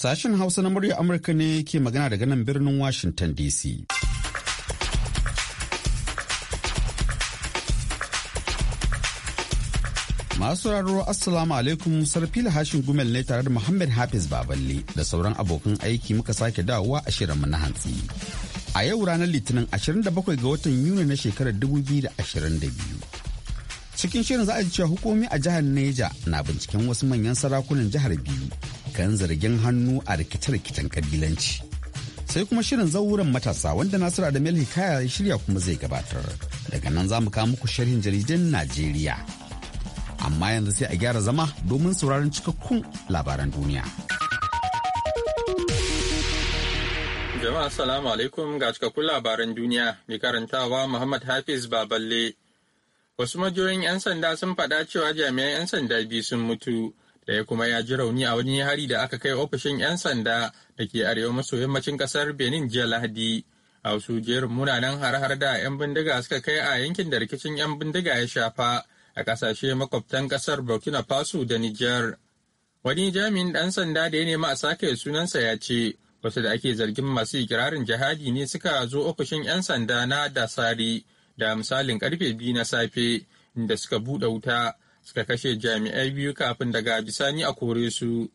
Sashen Hausa na murya Amurka ne ke magana daga nan birnin Washington DC. Masu raro Assalamu alaikum sarfil hashin gumel ne tare da Muhammad Hafiz Baballe da sauran abokan aiki muka sake dawowa a shirinmu na hantsi. A yau ranar Litinin 27 ga watan Yuni na shekarar 2022. cikin shirin za a ji cewa hukumi a jihar neja na binciken wasu manyan sarakunan jihar biyu kan zargin hannu a rikice-rikicen kabilanci sai kuma shirin zauren matasa wanda nasiru adamel hikaya ya shirya kuma zai gabatar daga nan za mu kawo muku sharhin jaridan najeriya amma yanzu sai a gyara zama domin sauraron cikakkun labaran duniya jama'a salamu alaikum ga cikakkun labaran duniya mai karantawa muhammad hafiz baballe Wasu majiyoyin 'yan sanda sun faɗa cewa jami'an 'yan sanda biyu sun mutu, da ya kuma ya ji rauni a wani hari da aka kai ofishin 'yan sanda da ke arewa maso yammacin ƙasar Benin jiya Lahadi. A wasu jerin munanan har-har da 'yan bindiga suka kai a yankin da rikicin 'yan bindiga ya shafa a kasashe makwabtan ƙasar Burkina Faso da Nijar. Wani jami'in ɗan sanda da ya nemi a sake sunansa ya ce, wasu da ake zargin masu ikirarin jihadi ne suka zo ofishin 'yan sanda na Dasari da misalin karfe biyu na safe inda suka buɗe wuta suka kashe jami'ai biyu kafin daga bisani a kore su.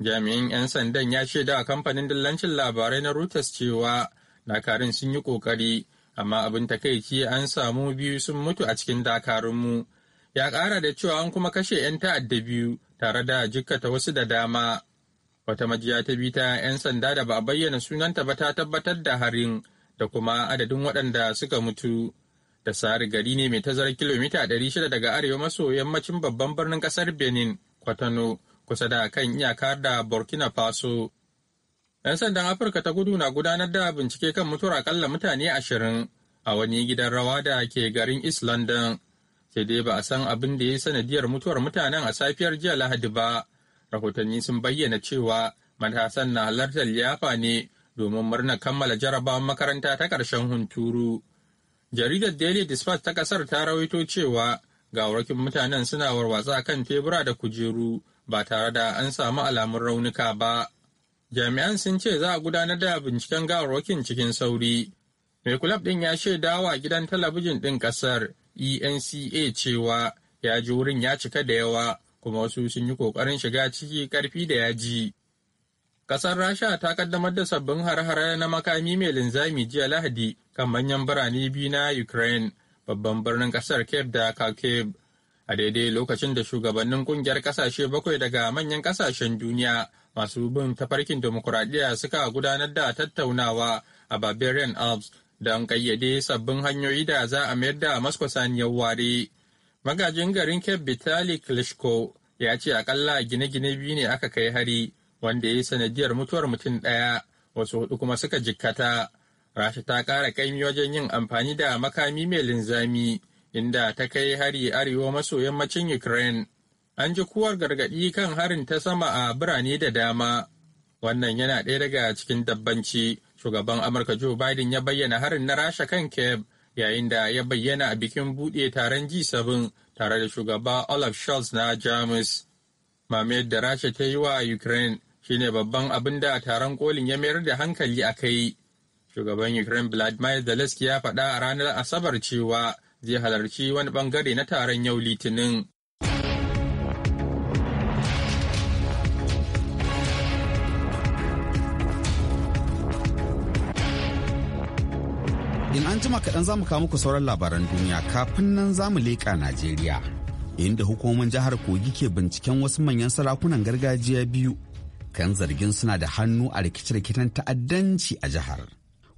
Jami'in 'yan sandan ya shaida a kamfanin dillancin labarai na Reuters cewa dakarun sun yi ƙoƙari, amma abin takaici an samu biyu sun mutu a cikin dakarunmu. Ya ƙara da cewa an kuma kashe 'yan ta'adda biyu tare da jikkata wasu da dama. Wata majiya ta bi ta 'yan sanda da ba a bayyana sunanta ba ta tabbatar da harin da kuma adadin waɗanda suka mutu. da sare gari ne mai tazarar kilomita 600 daga arewa maso yammacin babban birnin kasar benin kwatano kusa da kan iyaka da burkina faso 'yan sandan afirka ta gudu na gudanar da bincike kan mutuwar akalla mutane ashirin a wani gidan rawa da ke garin east london sai dai ba a san abin da ya yi sanadiyar mutuwar mutanen a safiyar jiya lahadi ba rahotanni sun bayyana cewa matasan na halartar liyafa ne domin murnar kammala jarabawar makaranta ta ƙarshen hunturu Jaridar Daily Dispatch ta kasar ta rawaito cewa gawarkin mutanen suna warwatsa kan tebura da kujeru ba tare da an samu alamun raunuka ba. Jami'an sun ce za a gudanar da binciken gawarwakin cikin sauri. Mai kulab ɗin ya shaida wa gidan talabijin ɗin ƙasar ENCA cewa ya ji wurin ya cika da yawa kuma wasu sun yi ƙoƙarin shiga ciki ƙarfi da ya ji. Ƙasar Rasha ta kaddamar da sabbin har-hare na makami mai linzami jiya Lahadi kan manyan birane biyu na Ukraine babban birnin kasar Kiev da Kharkiv a daidai lokacin da shugabannin kungiyar kasashe bakwai daga manyan kasashen duniya masu bin tafarkin demokuraɗiyya suka gudanar da tattaunawa a Barbarian Alps don ƙayyade sabbin hanyoyi da za a mayar da Moscow saniyar ware. Magajin garin Kiev Vitali Klitschko ya ce akalla gine-gine biyu ne aka kai hari wanda ya yi sanadiyar mutuwar mutum ɗaya wasu hudu kuma suka jikkata. rasha ta kara kaimi wajen yin amfani da makami mai linzami inda ta kai hari arewa maso yammacin ukraine an ji kuwar gargaɗi kan harin ta sama a birane da dama wannan yana ɗaya daga cikin dabbanci shugaban amurka joe biden ya bayyana harin na rasha kan kyiv yayin da ya bayyana a bikin buɗe taron G7 tare da shugaba Olaf Scholz na Jamus. Mamayar da Rasha ta yi wa Ukraine shine babban abin da taron kolin ya mayar da hankali a kai Shugaban Ukraine Vladimir Zelensky ya faɗa a ranar Asabar cewa zai halarci wani bangare na taron yau Litinin. In an jima kaɗan za mu kawo muku sauran labaran duniya kafin nan za mu leƙa Najeriya. Inda hukumomin jihar Kogi ke binciken wasu manyan sarakunan gargajiya biyu kan zargin suna da hannu a rikice-rikicen ta'addanci a jihar.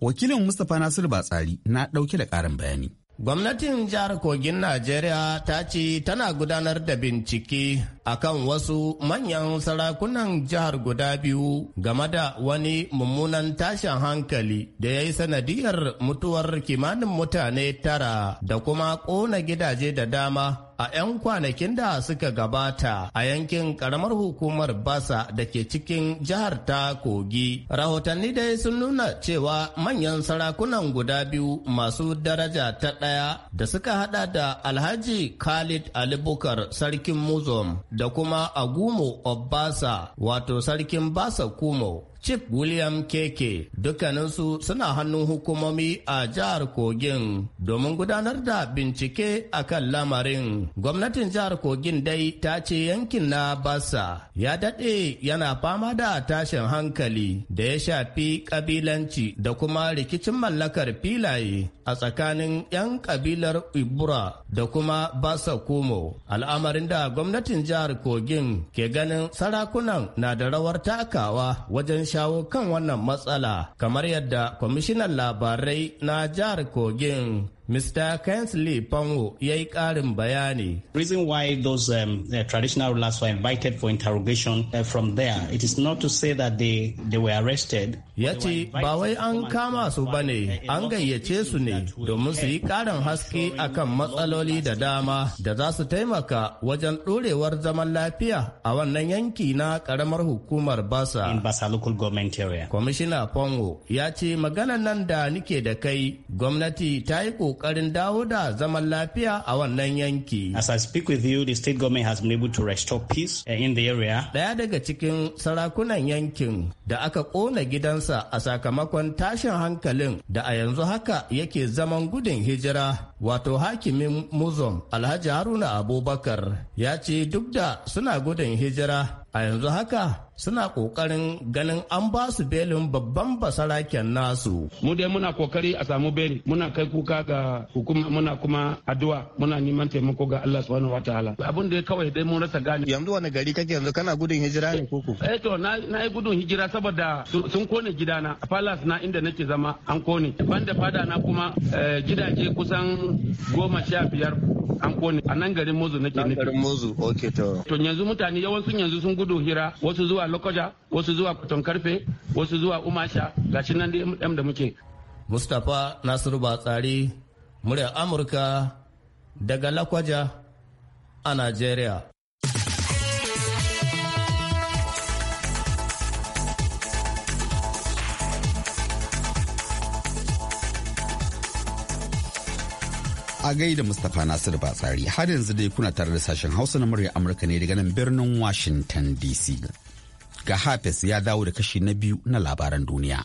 wakilin mustapha nasiru batsari na ɗauke da ƙarin bayani Gwamnatin jihar Kogin Najeriya ta ce tana gudanar da bincike akan wasu manyan sarakunan jihar guda biyu game da wani mummunan tashin hankali da ya yi sanadiyar mutuwar kimanin mutane tara da kuma ƙona gidaje da dama a 'yan kwanakin da suka gabata a yankin karamar hukumar Basa da ke cikin jihar ta Kogi. Rahotanni dai sun nuna cewa manyan sarakunan guda biyu masu daraja ta ɗaya da suka hada da Alhaji Khalid Ali Bukar sarkin Muzom, da kuma Agumo Obasa wato sarkin Basa Kumo Chief William Keke dukkaninsu suna hannun hukumomi a jihar Kogin domin gudanar da bincike a kan lamarin. Gwamnatin jihar Kogin dai ta ce yankin na Basa ya daɗe yana fama da tashin hankali da ya shafi kabilanci da kuma rikicin mallakar filaye a tsakanin 'yan kabilar Ibura da kuma Basa Kumo. Al'amarin da gwamnatin jihar Kogin ke ganin sarakunan na da rawar takawa wajen shawo kan wannan matsala kamar yadda kwamishinan labarai na jihar kogin Mr. Kensley Pongo ya yi ƙarin bayani. Reason why those um, uh, traditional rulers were invited for interrogation uh, from there, it is not to say that they, they were arrested. Ya ce, ba wai an kama su ba ne, uh, an gayyace su ne domin su yi ƙarin haske akan matsaloli da dama da za su taimaka wajen ɗorewar zaman lafiya a wannan yanki na ƙaramar hukumar Basa. In Basa local government area. Kwamishina Pongo ya ce maganan nan da nike da kai, gwamnati ta yi kokarin dawo da zaman lafiya a wannan yanki. As I speak with you, the state government has been able to restore peace eh, in the area. Daya daga cikin sarakunan yankin da aka kona gidansa a sakamakon tashin hankalin da a yanzu haka yake zaman gudun hijira wato hakimin muzum alhaji haruna abubakar ya ce duk da suna gudun hijira a yanzu haka suna kokarin ganin an ba su belin babban basaraken nasu. Mu dai muna kokari a samu beli muna kai kuka ga hukuma muna kuma addu'a muna neman taimako ga Allah subhanahu wa ta'ala. Abin da kawai dai mun rasa gani. Yanzu wani gari kake yanzu kana gudun hijira ne koko? Eh to na yi gudun hijira saboda sun kone gidana a palace na inda nake zama an kone. Banda fada na kuma eh, gidaje kusan goma sha biyar an kone a nan garin Mozu nake nufi. Nan garin Mozu, okay to. To yanzu mutane sun yanzu sun gudu tudun hira wasu zuwa lokoja wasu zuwa kwaton karfe wasu zuwa umasha shi nan da da muke mustapha nasiru batsari murya amurka daga lakwaja a nigeria a gaida Mustapha Nasiru Batsari har yanzu dai kuna tare da sashen Hausa na murya Amurka ne daga nan birnin Washington DC. Ga hafes ya dawo da kashi na biyu na labaran duniya.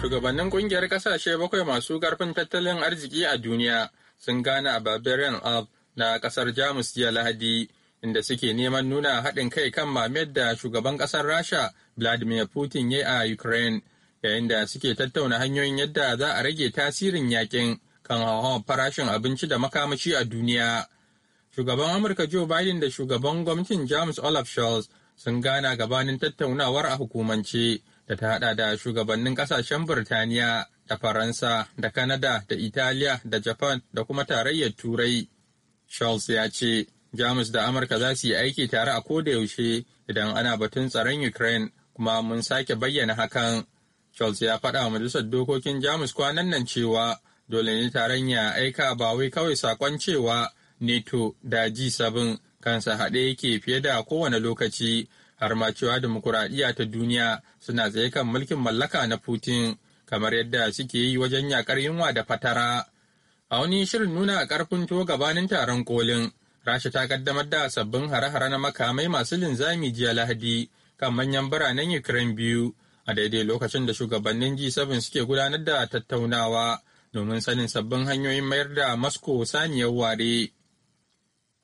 Shugabannin kungiyar kasashe bakwai masu karfin tattalin arziki a duniya sun gane a barbarian Alp na kasar Jamus jiya Lahadi inda suke neman nuna haɗin kai kan mamayar da shugaban ƙasar Rasha Vladimir Putin ya a Ukraine yayin da suke tattauna hanyoyin yadda za a rage tasirin yakin kan hauhawar farashin abinci da makamashi a duniya. Shugaban Amurka Joe Biden da shugaban gwamnatin James Olaf Scholz sun gana gabanin tattaunawar a hukumance da ta hada da shugabannin kasashen burtaniya da Faransa da Kanada da Italiya da Japan da kuma tarayyar Turai. Scholz ya ce, Jamus da Amurka za su yi aiki tare a kodayaushe yaushe idan ana batun tsaron Ukraine kuma mun sake bayyana hakan. Scholz ya faɗa wa majalisar dokokin Jamus kwanan nan cewa dole ne taron ya aika ba wai kawai sakon cewa NATO da G7 kansa haɗe yake fiye da kowane lokaci har ma cewa dimokuraɗiyya ta duniya suna tsaye kan mulkin mallaka na Putin kamar yadda suke yi wajen yakar yunwa da fatara. A wani shirin nuna ƙarfin to gabanin taron kolin, Rasha ta kaddamar da sabbin hare-hare na makamai masu linzami jiya Lahadi kan manyan biranen Ukraine biyu a daidai lokacin da shugabannin G7 suke gudanar da tattaunawa domin sanin sabbin hanyoyin mayar da Moscow saniyar ware.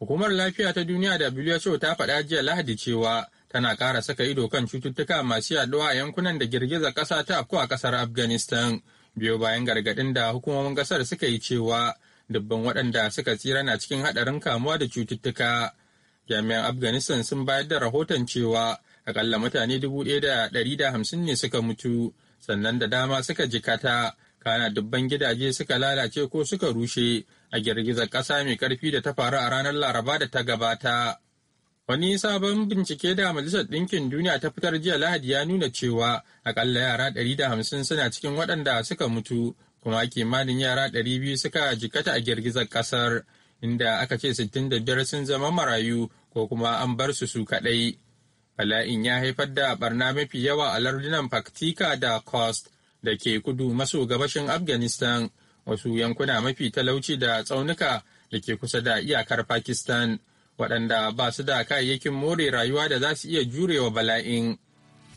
Hukumar Lafiya ta Duniya da WHO ta faɗa jiya Lahadi cewa tana ƙara saka ido kan cututtuka masu yaduwa a yankunan da girgiza ƙasa ta afku a ƙasar Afghanistan, biyo bayan gargaɗin da hukumomin ƙasar suka yi cewa dubban waɗanda suka tsira na cikin haɗarin kamuwa da cututtuka. Jami'an Afghanistan sun bayar da rahoton cewa Akalla mutane dubu ɗaya da ɗari da hamsin ne suka mutu, sannan da dama suka jikata, kana dubban gidaje suka lalace ko suka rushe a girgizar ƙasa mai ƙarfi da ta faru a ranar Laraba da ta gabata. Wani sabon bincike da Majalisar Ɗinkin Duniya ta fitar jiya Lahadi ya nuna cewa akalla yara ɗari da 150 suna cikin waɗanda suka mutu kuma kimanin yara ɗari biyu suka jikata a girgizar ƙasar inda aka ce biyar sun zama marayu ko kuma an bar su su kaɗai. bala'in ya haifar da barna mafi yawa a lardunan Paktika da Khost da ke kudu maso gabashin Afghanistan, wasu yankuna mafi talauci da tsaunuka da ke kusa da iyakar Pakistan, waɗanda ba su da kayayyakin more rayuwa da za su iya jurewa bala'in.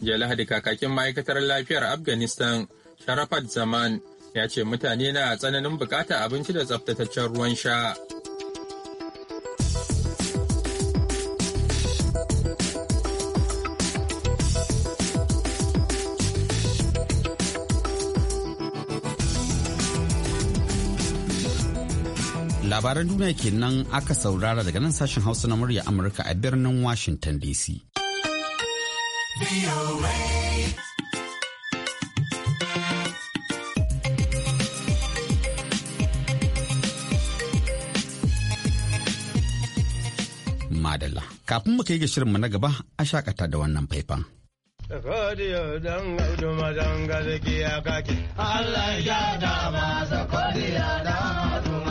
Jiya Lahadi kakakin ma'aikatar lafiyar Afghanistan, Sharafat Zaman, ya ce mutane na tsananin bukata abinci da tsaftataccen ruwan sha. labaran duniya kenan aka saurara daga nan sashen hausa na murya amurka a birnin washington dc madalla kafin mu kai ga shirinmu na gaba a shakata da wannan faifan Allah ya dama, dama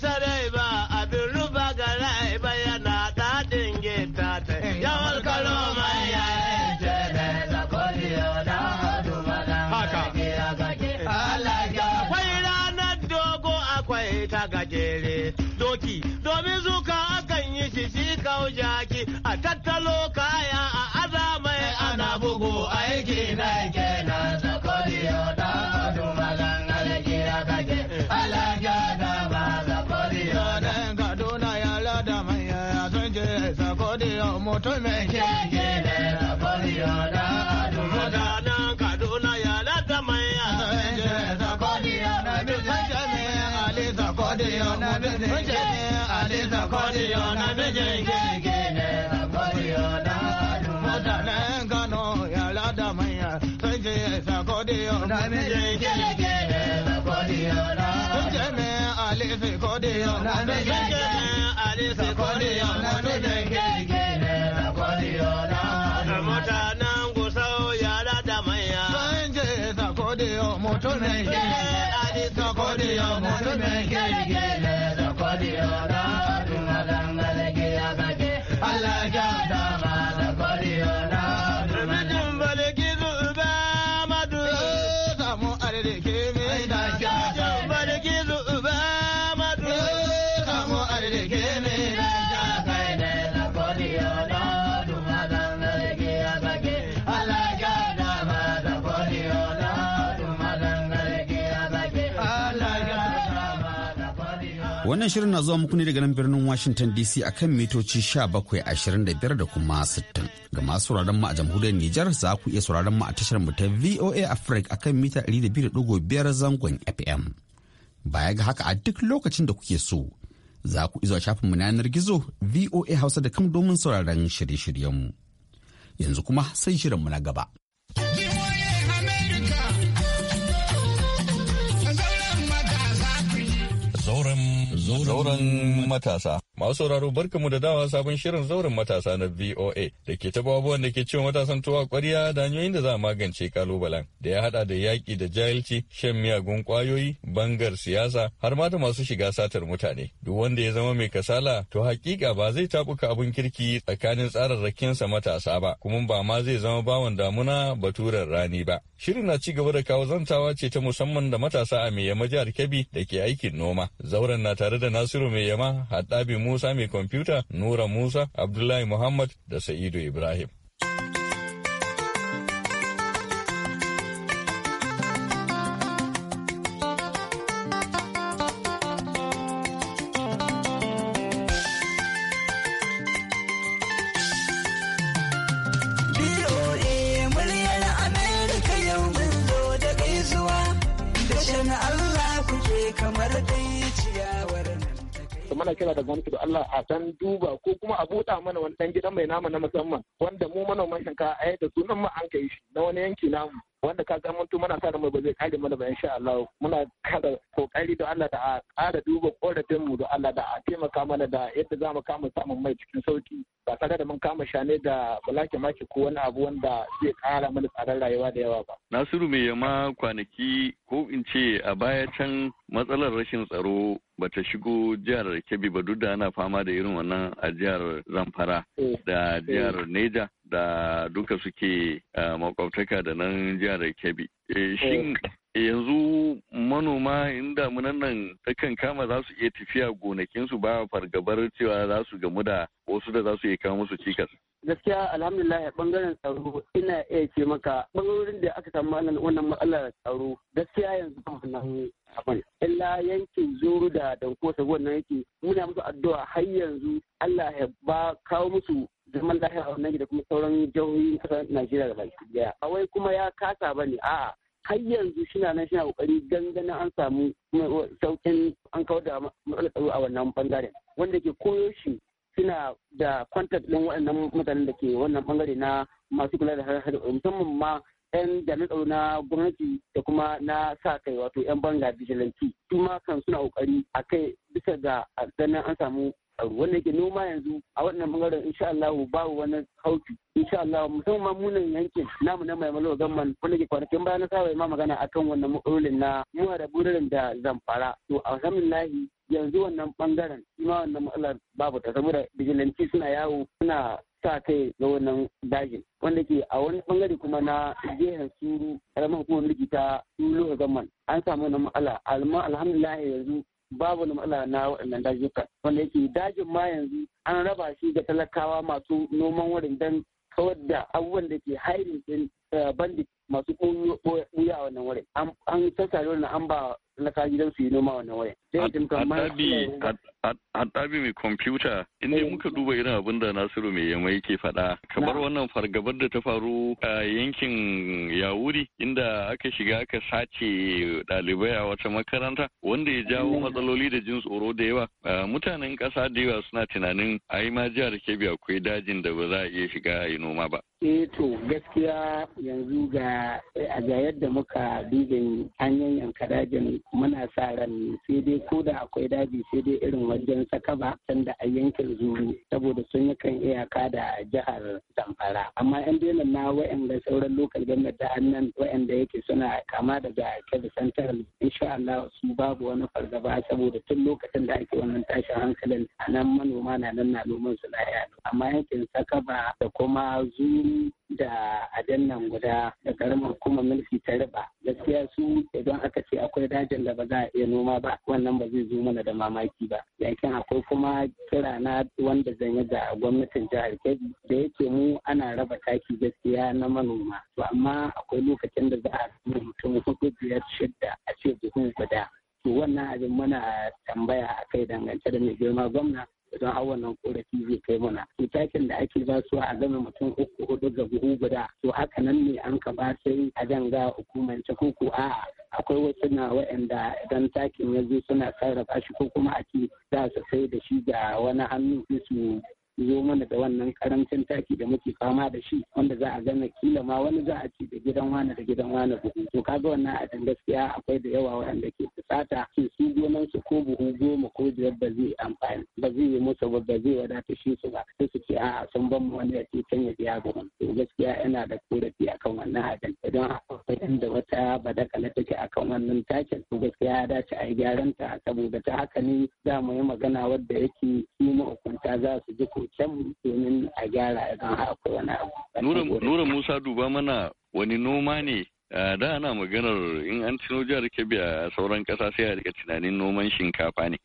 isa rai ba abin ruba ga rai ba yana daɗin gita ta yawon kalo mai yayin jere da kodiyo da hadu madan haka ranar eh, dogo akwai ta gajere doki domin zuka akan yi shi jaki a tattalo kaya a aza mai ana bugu aiki na kenan mutumin kirki ne da kwaliyo da Mutanen Kaduna ya lata mai ya da kwaliyo na bijin ne Ali da kwaliyo na bijin ne Ali da na bijin kirki ne da kwaliyo da ya lata mai ya da kwaliyo na da da Ali da kwaliyo na da kwaliyo na Mutanen gusau ya da manya. Sun je sakodiyo mutumin gele. Adi sakodiyo ya kake. Allah ya Wannan shirin na zuwa muku ne daga nan birnin Washington DC a kan mitoci 1725 da kuma 60. Ga masu sauraron mu a jamhuriyar Nijar za ku iya sauraron mu a tashar mu ta VOA Africa a kan mita 200.5 zangon FM. Baya ga haka a duk lokacin da kuke so za ku izo shafin mu na yanar gizo VOA Hausa da kam domin sauraron shirye-shiryen mu. Yanzu kuma sai shirin mu na gaba. zauren matasa. Masu sauraro barka mu da dawa sabon shirin zauren matasa na VOA da ke taɓa abubuwan da ke cewa matasan tuwa ƙwarya da hanyoyin da za a magance kalubalen da ya haɗa da yaƙi da jahilci, shan miyagun ƙwayoyi, bangar siyasa har ma da masu shiga satar mutane. Duk wanda ya zama mai kasala to hakika ba zai taɓuka abun kirki tsakanin tsararrakinsa matasa ba kuma ba ma zai zama bawan damuna baturen rani ba. Shirin na ci gaba da kawo zantawa ce ta musamman da matasa a mai yama jihar Kebbi da ke aikin noma. Zauren na tare da Nasiru mai yama Haɗabi mu Musa mai kwamfuta, Nura Musa, Abdullahi Muhammad da Sa'idu Ibrahim. allah kamar dai ciyawa. su mana kira da gwamnati da Allah a san duba ko kuma a buɗa mana wani ɗan gidan mai nama na musamman wanda mu manoman shinkafa a da sunan mu an kai shi na wani yanki namu wanda ka ga mutum muna sa mu ba kare mana ba insha Allah muna kada kokari da Allah da a kara duba korafin mu da Allah da a taimaka mana da yadda za mu kama samun mai cikin sauki ba tare da mun kama shane da bulaki maki ko wani abu wanda zai kara mana tsadar rayuwa da yawa ba Nasiru mai yama kwanaki ko in ce a baya can matsalar rashin tsaro bata shigo jihar Kebbi ba duk da ana fama da irin wannan a jihar Zamfara eh, da eh. jihar Neja da duka suke makwabtaka da nan jihar Kebbi. Eh, shin eh. yanzu manoma inda munan nan takan kama za su iya tafiya gonakinsu ba fargabar cewa za su gamu da wasu da za su iya kawo musu cikas. Gaskiya alhamdulillah bangaren tsaro ina iya ce maka bangarorin da aka samu wannan matsalar tsaro gaskiya yanzu ba nan abin illa yankin zuru da danko saboda nan yake muna musu addu'a har yanzu Allah ya ba kawo musu zaman lahira a wannan da kuma sauran jihohin kasar Najeriya da baki daya. A wai kuma ya kasa ba ne a'a har yanzu na nan shina kokari ganin an samu saukin an kawar da matsalar tsaro a wannan bangaren wanda ke koyo shi suna da kwantar ɗin waɗannan mutanen da ke wannan bangare na masu kula da harkar musamman ma 'yan jami'an tsaro na gwamnati da kuma na sa kai wato 'yan banga bijilanci su ma kan suna kokari a kai bisa ga ganin an samu tsaro wanda yake noma yanzu a wannan bangaren insha Allah babu wani hauki insha Allah musamman munan yankin namu na mai malwa gamman wanda ke kwanakin bayan na saba ma magana akan wannan matsalolin na muwa da burin da zamfara to alhamdulillah yanzu wannan bangaren ima wannan matsalar babu ta saboda bijilanci suna yawo suna sa kai ga wannan dajin wanda ke a wani bangare kuma na jihar suru karamar hukumar mulki ta sulu zaman an samu wannan matsala amma yanzu babu na matsala na waɗannan dajuka wanda yake dajin ma yanzu an raba shi ga talakawa masu noman wurin dan kawar da abubuwan da ke hairin din eh, bandit masu ɓuya a wannan wurin an sassare wannan an ba talakawa gidan su yi noma wannan wurin. ɗabi mai kwamfuta in dai eh. muka duba irin abin da nasiru mai yamma yake faɗa kamar wannan fargabar da ta faru a yankin yawuri inda aka shiga aka sace ɗalibai a wata makaranta wanda ya jawo matsaloli da jin tsoro da yawa mutanen ƙasa da yawa suna tunanin a yi ma jihar kebbi akwai dajin da ba za a iya shiga a yi noma ba eh to gaskiya yanzu ga a yadda muka dubin hanyoyin muna sa ran sai dai ko da akwai daji sai dai irin wajen sakaba sanda a yankin zuru saboda sun yi kan iyaka da jihar zamfara amma yan daina na wa'anda sauran lokal gwamnati da annan wa'anda yake suna kama daga kebbi central insha Allah su babu wani fargaba saboda tun lokacin da ake wannan tashin hankalin a nan manoma na nan na noman su na yado amma yankin sakaba da kuma zuru da adan nan guda da karamar kuma mulki ta riba gaskiya su idan aka ce akwai dajin da ba za a iya noma ba wannan ba zai zo mana da mamaki ba yankin akwai kuma kira na wanda zan yi ga gwamnatin jihar kebbi da yake mu ana raba taki gaskiya na manoma to amma akwai lokacin da za a samu mutum hudu biyar shidda a ce buhu guda to wannan abin muna tambaya a kai dangance da mai girma gwamna don har wannan korafi zai kai mana to takin da ake ba su a zama mutum uku hudu ga buhu guda to haka nan ne an ka ba sai a danga hukumance ko ko a'a akwai wasu na wa'anda idan takin ya zo suna sarrafa shi ko kuma a ce za su sai da shi ga wani hannu su zo mana da wannan karancin taki da muke fama da shi wanda za a gana kila ma wani za a ci da gidan wani da gidan wani buhu to kaga wannan a gaskiya akwai da yawa waɗanda ke bukata su su gonan su ko buhu goma ko biyar ba zai amfani ba zai yi musu ba ba zai wadata shi su ba sai su ce a sun ban mu wani ya ce can ya biya buhun to gaskiya yana da korafi akan wannan can. idan akwai inda wata badakala take akan wannan takin to gaskiya ya dace a yi gyaran ta saboda ta haka ne za mu yi magana wadda yake su ma'aikunta za su ji ko Nura Musa duba mana wani noma ne da ana maganar in an cino jihar Kebbi a sauran kasa sai a rika tunanin noman shinkafa ne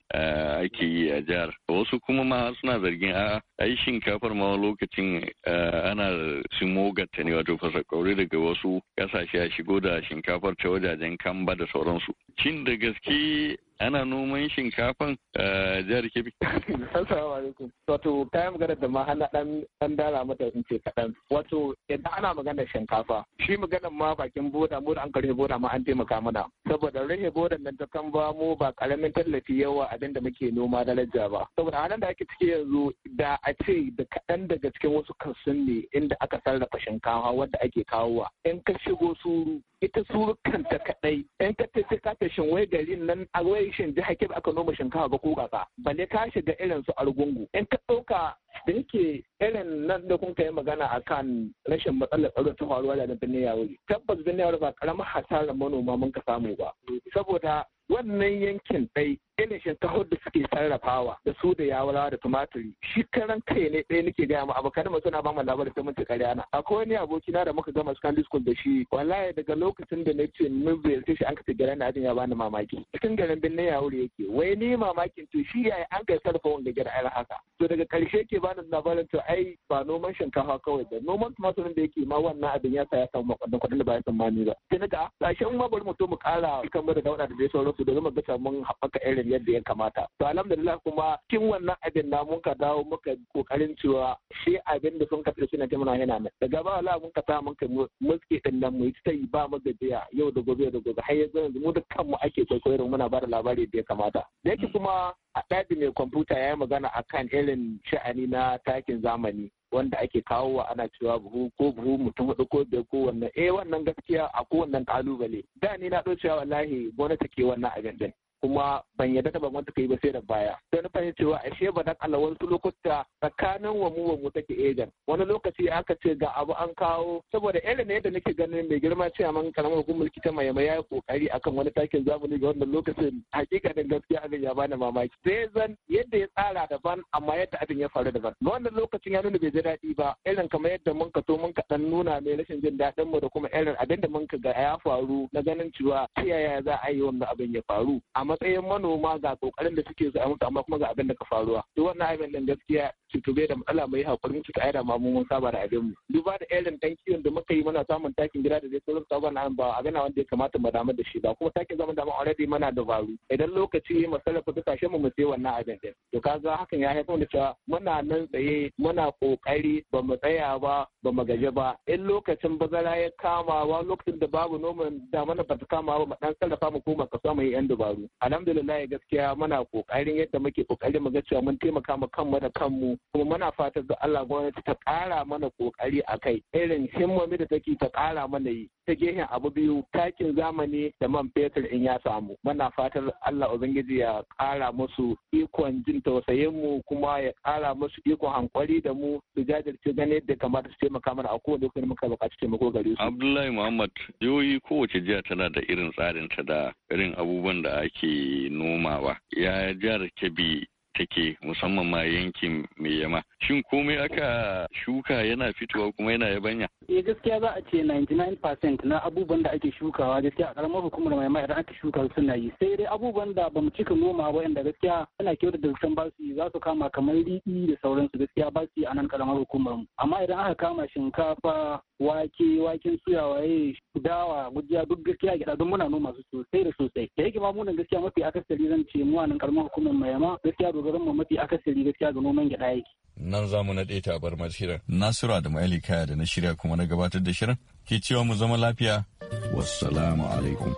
ake yi a jihar. Wasu kuma ma suna zargin a ai shinkafar ma lokacin ana simogata ne wato fasa daga wasu kasashe a shigo da shinkafar ta wajajen kamba da sauransu. Shin da gaske ana noman shinkafan a eh, jihar Kebbi. Assalamu alaikum. Wato kayan magana da ma ana dan dan dala mata in ce kaɗan. Wato idan ana magana shinkafa shi magana ma bakin boda mu da an karfe boda ma an taimaka mana saboda rage bodan nan ta kan ba mu ba karamin tallafi yawa abin da muke noma daraja ba. Saboda halin da ake ciki yanzu da a ce da kaɗan daga cikin wasu kasun ne inda aka sarrafa shinkafa wadda ake kawowa. In ka shigo suru ita suru kanta kaɗai in ka ce ka da wai garin nan a wai shin jihar Kebbi aka noma shinkafa ba ko gaba balle ka shiga irin su argungu in ka ɗauka da yake irin nan da kun kai magana akan rashin matsalar tsaro ta faruwa da birnin yawo tabbas birnin yawo ba karamar hasarar manoma mun ka samu ba saboda wannan yankin dai irin shinkafar da suke sarrafawa da su da yawara da tumatiri shi karan kai ne ɗaya nake gaya ma abokan mu suna ba mu labarin ta mutu ci akwai wani aboki na da muka gama secondary school da shi wallahi daga lokacin da na ce mun ziyarce shi an kace garin na ya bani mamaki cikin garin bin ya wuri yake wai ni mamakin to shi yayi an kai sarrafa wanda gida ayar haka to daga ƙarshe ke bani labarin to ai ba noman shinkafa kawai ba noman tumatirin da yake ma wannan abin ya sa ya samu makwadin kuɗin da ba ya tsammani ba sai na ga shan ma bari mu to mu ƙara kamar da dauɗa da dai sauransu da zama ga mun haɓaka irin hankali yadda ya kamata to alhamdulillah kuma cikin wannan abin na ka dawo muka kokarin cewa shi abin da sun ka tsaye suna jama'a yana nan daga ba Allah mun ka sa mun ka muske din nan mu yi ta ba mu gajiya yau da gobe da gobe har yanzu yanzu mu da kanmu ake kwaikwayo muna ba da labari da ya kamata da yake kuma a daji mai kwamfuta ya yi magana a kan irin sha'ani na takin zamani wanda ake kawo wa ana cewa buhu ko buhu mutum hudu ko biyar ko wannan eh wannan gaskiya a kowannan kalubale da ni na cewa wallahi gwamnati ke wannan abin din kuma ban yarda da ban wanda kai ba sai da baya sai na fahimci cewa ashe ba dan Allah wasu lokuta tsakanin wa mu wa mu take ejan wani lokaci aka ce ga abu an kawo saboda irin yadda nake ganin mai girma ce amma karamar hukumar mulki ta mai ya kokari akan wani takin zamani ga wannan lokacin hakikanin gaskiya abin ya bani mamaki sai zan yadda ya tsara daban amma yadda abin ya faru daban ga wannan lokacin ya nuna bai ji daɗi ba irin kamar yadda mun ka to mun ka dan nuna mai rashin jin daɗin mu da kuma irin abin da mun ka ga ya faru na ganin cewa ta yaya za a yi wannan abin ya faru amma matsayin manoma ga kokarin da suke zuwa mutu, amma kuma ga abin da ka faruwa duk wannan abin din gaskiya su tube da matsala mai su cika aida ma mun saba da abin mu duba da irin dan kiwon da muka yi muna samun takin gida da zai sauran sabon na ba a gana wanda ya kamata mu damar da shi ba kuma takin zaman dama already mana dabaru idan lokaci ya masallafa ta kashe mu mu sai wannan abin din to kaga hakan ya haifar da cewa muna nan tsaye muna kokari ba mu tsaya ba ba mu gaje ba in lokacin bazara ya kama wa lokacin da babu noman da mana ba ta kama ba mu dan sarrafa mu koma ka mu yi yan dabaru alhamdulillah gaskiya muna kokarin yadda muke ƙoƙarin mu ga cewa mun taimaka mu kanmu da kanmu kuma muna fata ga Allah gwamnati ta ƙara mana kokari a kai irin himmomi da take ta ƙara mana yi ta gehen abu biyu takin zamani da man fetur in ya samu muna fatar Allah ubangiji ya ƙara musu ikon jin tausayin mu kuma ya ƙara musu ikon hankali da mu su jajirce gane da kamata su taimaka mana a kowane lokaci muka buƙaci taimako gare su Abdullahi Muhammad yoyi kowace jiya tana da irin tsarin ta da irin abubuwan da ake nomawa ya jihar Kebbi take musamman ma yankin mai yama. Shin komai aka shuka yana fitowa kuma yana yabanya? Eh gaskiya za a ce 99% na abubuwan da ake shukawa gaskiya a karamar hukumar mai yama idan aka shuka suna yi. Sai dai abubuwan da bamu cika noma ba yanda gaskiya ana kyau da dalilan ba su yi za su kama kamar liɗi da sauransu gaskiya ba su yi a nan karamar hukumar mu. Amma idan aka kama shinkafa wake waken suya waye dawa gujiya duk gaskiya gida don muna noma su sosai da sosai. Da yake ma munan gaskiya mafi akasari zan ce mu a nan karamar hukumar mai yama gaskiya garin mu mafi akasari gaskiya ga noman gyaɗa yake. Nan zamu mu naɗe ta bar shirin. Nasiru Adamu Ali Kaya da na shirya kuma na gabatar da shirin ke cewa mu zama lafiya. Wassalamu alaikum.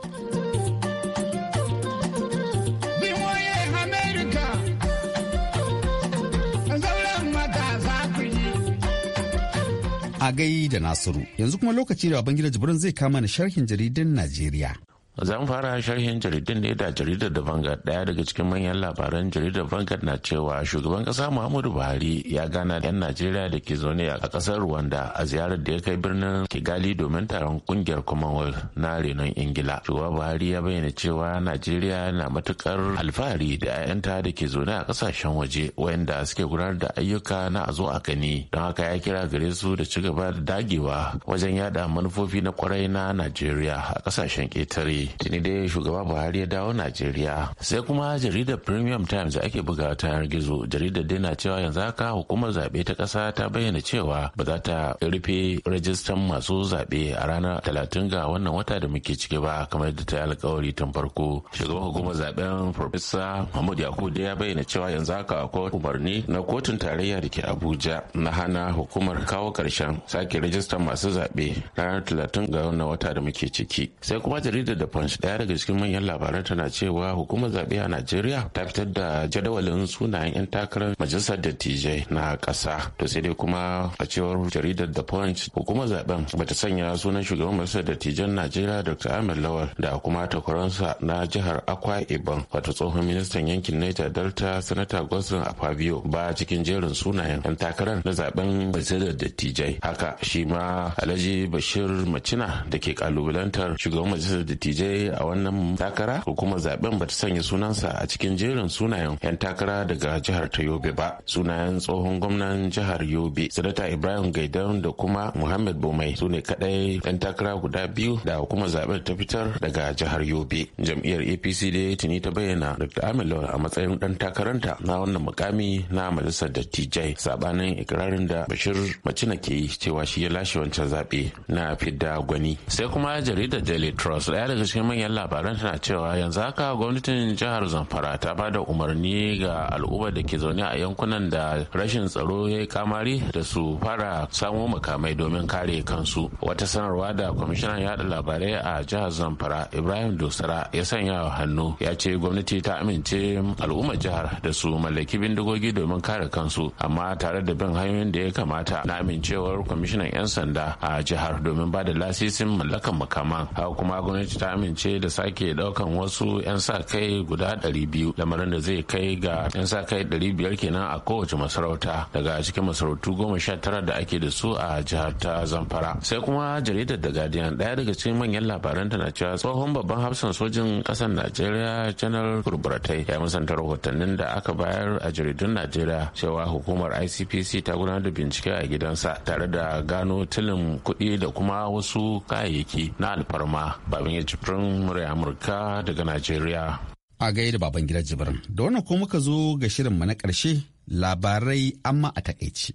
a gai da Nasiru. Yanzu kuma lokaci da Babangida Jibrin zai kama na sharhin jaridan Najeriya. za mu fara sharhin jaridun ne da jaridar da vangard daya daga cikin manyan labaran jaridar vangard na cewa shugaban kasa muhammadu buhari ya gana da 'yan najeriya da ke zaune a kasar rwanda a ziyarar da ya kai birnin kigali domin taron kungiyar commonwealth na renon ingila shugaban buhari ya bayyana cewa najeriya na matukar alfahari da 'ya'yanta da ke zaune a kasashen waje wayanda suke gudanar da ayyuka na a zo a gani don haka ya kira gare su da ci gaba da dagewa wajen yada manufofi na kwarai na najeriya a kasashen ketare tuni dai shugaba buhari ya dawo najeriya sai kuma jaridar premium times da ake buga ta yanar gizo jaridar dai na cewa yanzu haka hukumar zaɓe ta kasa ta bayyana cewa ba za ta rufe rajistan masu zaɓe a ranar talatin ga wannan wata da muke ciki ba kamar yadda ta yi alkawari tun farko shugaban hukumar zaben farfesa mahmud yakubu ya bayyana cewa yanzu haka akwai umarni na kotun tarayya da ke abuja na hana hukumar kawo karshen sake rajistan masu zabe ranar talatin ga wannan wata da muke ciki sai kuma jaridar da punch daya daga cikin manyan labaran tana cewa hukumar zaɓe a najeriya ta fitar da jadawalin sunayen 'yan takarar majalisar dattijai na ƙasa to sai dai kuma a cewar jaridar the punch hukumar zaben bata sanya sunan shugaban majalisar dattijan najeriya dr ahmed lawal da kuma takwaransa na jihar akwa ibom wato tsohon ministan yankin naija delta sanata gosling afabio ba cikin jerin sunayen 'yan takarar na zaben majalisar dattijai haka shi ma alhaji bashir macina da ke kalubalantar shugaban majalisar dattijai yi a wannan takara kuma zaben bata sanya sunansa a cikin jerin sunayen 'yan takara daga jihar ta yobe ba sunayen tsohon gwamnan jihar yobe sanata ibrahim gaidan da kuma muhammad bomai su ne kadai 'yan takara guda biyu da kuma zaben ta fitar daga jihar yobe jam'iyyar apc da tuni ta bayyana dr amin a matsayin dan takaranta na wannan mukami na majalisar dattijai sabanin ikirarin da bashir macina ke yi cewa shi ya lashe wancan zaɓe na fidda gwani sai kuma jaridar daily trust daya daga cikin manyan labaran tana cewa yanzu haka gwamnatin jihar zamfara ta ba da umarni ga al'ummar da ke zaune a yankunan da rashin tsaro ya yi kamari da su fara samo makamai domin kare kansu wata sanarwa da kwamishinan yada labarai a jihar zamfara ibrahim dosara ya sanya hannu ya ce gwamnati ta amince al'ummar jihar da su mallaki bindigogi domin kare kansu amma tare da bin hanyoyin da ya kamata na amincewar kwamishinan 'yan sanda a jihar domin ba da lasisin mallakan makaman haka kuma gwamnati ta amince da sake daukan wasu 'yan sa kai guda 200 lamarin da zai kai ga 'yan sa kai 500 kenan a kowace masarauta daga cikin masarautu goma sha tara da ake da su a jihar ta zamfara sai kuma jaridar da guardian daya daga cikin manyan labaran na cewa tsohon babban hafsan sojin kasar najeriya janar kurburatai ya musanta rahotannin da aka bayar a jaridun najeriya cewa hukumar icpc ta gudanar da bincike a gidansa tare da gano tilin kuɗi da kuma wasu kayayyaki na alfarma babin ya shafin murya amurka daga najeriya a gaida baban gidan jibrin da wannan kuma muka zo ga shirinmu na ƙarshe labarai amma a takaici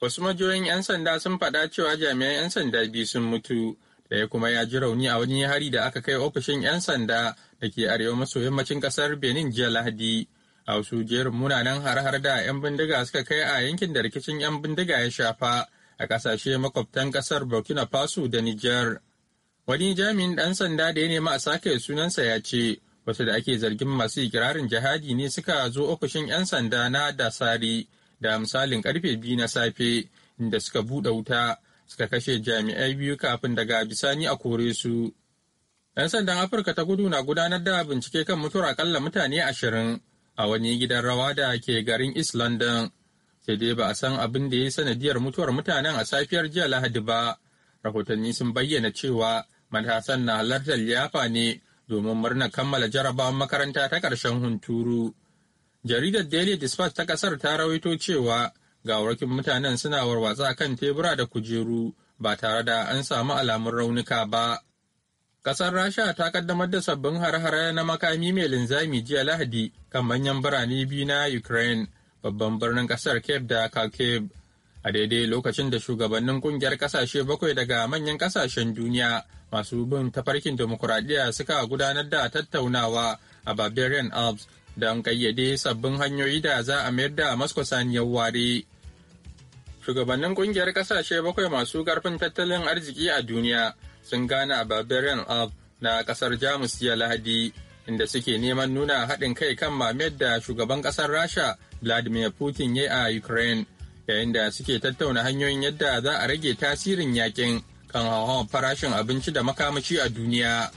wasu majiyoyin 'yan sanda sun faɗa cewa jami'an 'yan sanda biyu sun mutu ya kuma ya ji rauni a wani hari da aka kai ofishin 'yan sanda da ke arewa maso yammacin ƙasar benin jiya lahadi a wasu jerin munanan har-har da 'yan bindiga suka kai a yankin da rikicin 'yan bindiga ya shafa a ƙasashe makwabtan ƙasar burkina faso da niger wani jami'in ɗan sanda da ya nema a sake sunansa ya ce wasu da ake zargin masu ikirarin jihadi ne suka zo ofishin 'yan sanda na dasari da misalin karfe biyu na safe inda suka buɗe wuta suka kashe jami'ai biyu kafin daga bisani a kore su 'yan sandan afirka ta gudu na gudanar da bincike kan mutuwar akalla mutane ashirin a wani gidan rawa da ke garin east london sai dai ba a san abin da ya yi sanadiyar mutuwar mutanen a safiyar jiya lahadi ba rahotanni sun bayyana cewa matasan na halartar liyafa ne domin murna kammala jarabawan makaranta ta ƙarshen hunturu jaridar daily dispatch ta ƙasar ta rawaito cewa gawarkin mutanen suna warwatsa kan tebura da kujeru ba tare da an samu alamun raunuka ba Ƙasar Rasha ta kaddamar da sabbin har-hare na makami mai linzami jiya Lahadi kan manyan birane biyu na Ukraine babban birnin kasar cape da kharkiv a daidai lokacin da shugabannin kungiyar kasashe bakwai daga manyan kasashen duniya masu bin tafarkin demokuraɗiyya suka gudanar da tattaunawa a barbarian alps don kayyade sabbin hanyoyi da za a mayar da moscow saniyar ware shugabannin kungiyar kasashe bakwai masu karfin tattalin arziki a duniya sun gane a barbarian alps na kasar jamus jiya lahadi inda suke neman nuna haɗin kai kan mamayar da shugaban ƙasar rasha Vladimir Putin ya yi a Ukraine yayin da suke tattauna hanyoyin yadda za a rage tasirin yakin kan hauhawar farashin abinci da makamashi a duniya.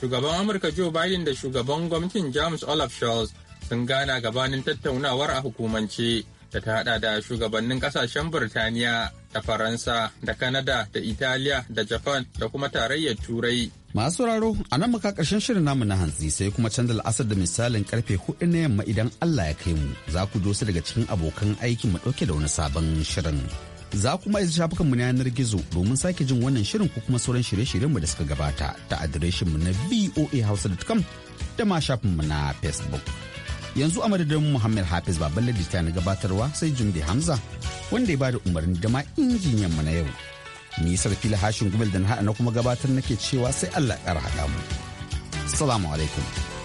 Shugaban Amurka Joe Biden da shugaban gwamnatin James Olaf Scholz sun gana gabanin tattaunawar a hukumance da ta hada da shugabannin kasashen Birtaniya da Faransa da Kanada da Italiya da Japan da kuma tarayyar Turai. Masu sauraro a nan muka karshen shirin namu na hanzi sai kuma canza la'asar da misalin karfe hudu na yamma idan Allah ya kai mu za ku dosa daga cikin abokan aikin mu ɗauke da wani sabon shirin. Za kuma isa shafukan mu na yanar gizo domin sake jin wannan shirin ko kuma sauran shirye-shiryen mu da suka gabata ta adireshin mu na voahausa.com da ma shafin mu na Facebook. Yanzu a madadin Muhammad Hafiz Baballe ta na gabatarwa sai Jumbe Hamza wanda ya bada umarni da ma injiniyan mu na yau. Nisar fili hashin gumel da na kuma gabatar nake cewa sai Allah ya haɗa mu. Salamu alaikum.